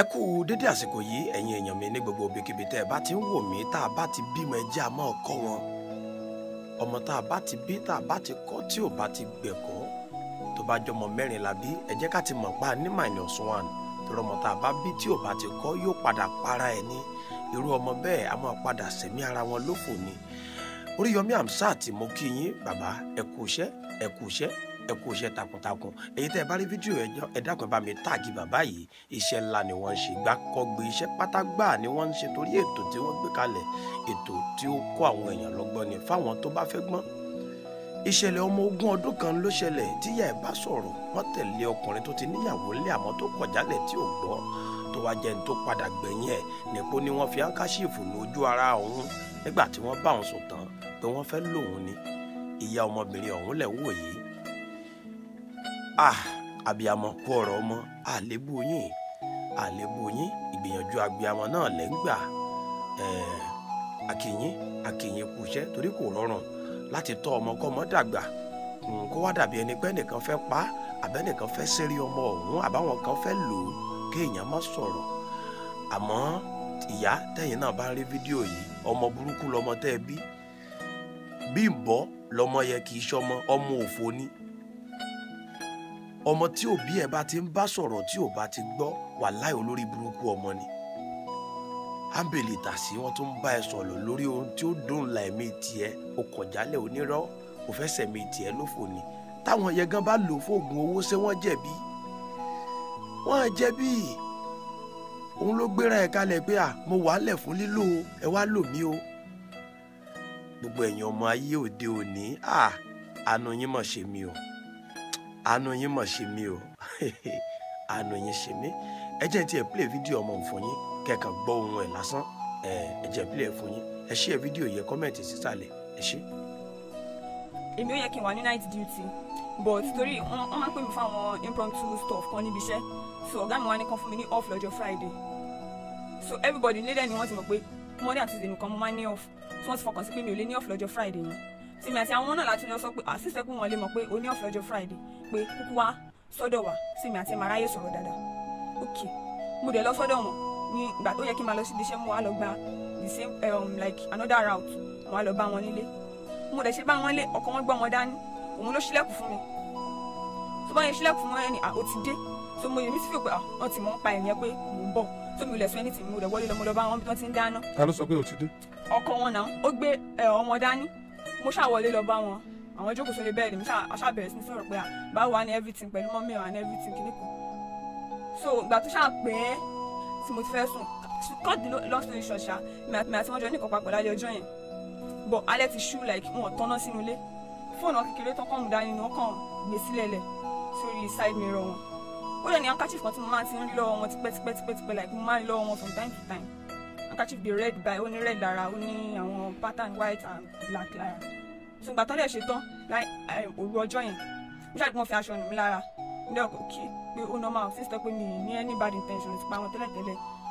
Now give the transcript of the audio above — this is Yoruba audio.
ẹ kú dédé àsìkò yìí ẹ̀yin èèyàn mi ní gbogbo ibikíbi tẹ́ ẹ bá ti ń wò mí tá a bá ti bímọ ẹjẹ́ a máa kọ́ wọn ọmọ tá a bá ti bí tá a bá ti kọ́ tí ò bá ti gbẹ̀kọ́ tó bá jọmọ mẹ́rin la bí ẹ jẹ́ ká ti mọ̀ pa ní minus one torí ọmọ tá a bá bí tí ò bá ti kọ́ yóò padà para ẹ̀ ní irú ọmọ bẹ́ẹ̀ a máa padà sẹ̀mí ara wọn lófò ni Oríyọmí Hamzat mo kí yín bàbá ẹ kú iṣẹ́ ẹ kú iṣẹ́ takuntakun èyí tẹ́ ẹ bá rí fídíò ẹ dákun ẹ bá mi táàgì bàbá yìí iṣẹ́ ńlá ni wọ́n ń ṣe gbákọ́gbé iṣẹ́ pátágbà ni wọ́n ń ṣe torí ètò tí wọ́n gbé kalẹ̀ ètò tí ó kó àwọn èèyàn lọ́gbọ́n ni fáwọn tó bá fẹ́ gbọ́n ìṣẹ̀lẹ̀ ọmọ ogún ọdún kan ló ṣẹlẹ̀ tíyà ẹ̀ bá sọ̀rọ̀ wọ́n tẹ̀lé ọkùnrin tó ti níyàwó lé àmọ́ tó kọ̀ jálẹ̀ tí ò gbọ́ tó wá jẹun tó padà gbẹ̀yìn ẹ̀ nípò ni wọ́n fi áńkáṣíìfù lójú ara òun nígbà tí wọ́n bá òun sùn tán pé wọ́n fẹ́ lòun ni ìyá ọmọbìnrin ọ̀hún lẹ̀ wò yìí ah abiyamọ kú ọ̀rọ̀ ọmọ àlébù yín àlébù yín ìgbìyànjú abiyamọ náà lẹ́ ń gbà akínyín akínyín kú iṣẹ́ torí kò rọrùn láti tọ́ ọmọ kọ́mọ dàgbà kó wá dàbí ẹni pé ẹnìkan fẹ́ pa àbẹ́nìkan fẹ́ sẹ́rí ọmọ ọ̀hún àbáwọn kan fẹ́ lò ó kéèyàn má sọ̀rọ̀ àmọ́ ìyá tẹ̀yìn náà bá ń rí fídíò yìí ọmọ burúkú lọmọ tẹ́ ẹ bí Bímbọ́ lọmọ yẹ kì í ṣọmọ ọmọ òfò ni ọmọ tí òbí ẹ̀ bá ti ń bá sọ̀rọ̀ tí ò bá ti gbọ́ wà láì olórí burúkú ọmọ ni ábèlè tàsí wọn tó bá ẹ sọ̀rọ̀ lórí ohun tí ó dùn la ẹ̀mí tiẹ̀ o kọ̀jálẹ̀ onírọ́ o fẹ́ sẹ̀mí tiẹ̀ lófò ni táwọn yẹn gan bá lò fóògùn owó ṣé wọ́n jẹ̀bi wọ́n á jẹ̀bi òun ló gbéra ẹ̀ kalẹ̀ pé à mo wà á lẹ̀ fún lílò ẹ wá lò mí o gbogbo ẹ̀yin ọmọ ayé òde òní à àánú yín mọ̀ ṣe mí o àánú yín mà ṣe mí o àánú yín ṣe mí ẹ jẹ́ tí ẹ play fídíò ọmọ fún yín kẹ́kàn gbọ́ ohun ẹ̀ lásán ẹ jẹ́ play fún yín ẹ share fídíò yẹn kọ́mẹ̀ntì sísàlẹ̀ ẹ ṣé. èmi ò yẹ kí n wà ní night duty but torí wọ́n máa ń pè mí fáwọn impromptu stuff kan níbi iṣẹ́ so ọ̀gá mi wá ní kan fún mi ní off lọ́jọ́ friday so everybody nílẹ̀ ni wọ́n ti mọ̀ pé monday àti tuesday nìkan mo máa ní off so wọ́n ti fọkàn sí pé mi ò lè ní off lọ́jọ́ friday yẹn tìmí àti àwọn ọmọ náà láti lọ sọ pé àṣìṣe pé wọn lè mọ̀ pé o ní ọ̀fẹ́ ọjọ́ friday pé kúkú wá sọ́dọ̀ wa tìmí àti màráyè sọ̀rọ̀ dáadáa ok mo dẹ̀ lọ sọ́dọ̀ wọn ní ìgbà tó yẹ kí n máa lọ síbi iṣẹ́ mo wá lọ gba the same um, like another route mo wá lọ bá wọn nílé mo dẹ̀ ṣe bá wọn lé ọkọ wọn gbọ́ wọn dání òun ló ṣílẹ̀kùn fún mi tó bá yẹn ṣílẹ̀kùn fún wọn ẹni àó ah, ti dé tó mo yẹ mi sì fi pé àwọn ah, ti mọ̀ ń pa ẹ̀yẹn pé mò ń bọ̀ tó mi ò lẹ̀ sọ ẹni tì mí mo dẹ̀ wọlé lọ bá wọn bí wọ́n ti ń dáná. ta ló sọ pé o ti dé. ọkọ wọn náà ó gbé eh, ọmọ dání mo ṣàwọlé lọ bá wọn àwọn ìjókòó sórí bẹ́ẹ̀dì mo ṣàbẹ̀rẹ̀ sí sọ̀rọ̀ pé báwo wà everything pẹ̀lú mọ́mí wa everything kìíní kan so ìgbà tó ṣáà pé tí mo ti fẹ́ sùn cut the long story short ṣá mi àti wọn jọ ní ìkọ̀pá pẹ̀lú alẹ́ ọjọ́ yẹn but alẹ́ ti ṣú like wọn tọ́ná sínú ilé fóònù kékeré tán kàn mú dání ni wọ́n kàn gbé sílẹ̀ lẹ̀ sórí side mirror wọn ó lè ní handkerchief kan tí mo máa ti ń rí lọ́wọ́ wọn tipẹ́tipẹ́tipẹ́ like mo máa ń lọ́wọ́ wọn from time to time handkerchief be red by ó ní red lára ó àwọn pattern white and black lára so ìgbà tán lè ṣe tán láì eh, òru ọjọ́ yẹn mo ṣáà tí wọ́n fi aṣọ nù mí lára ní ọkọ̀ kí pé ó normal Sister, pé mi ní any bad intentions pa àwọn tẹ́lẹ̀tẹ́lẹ̀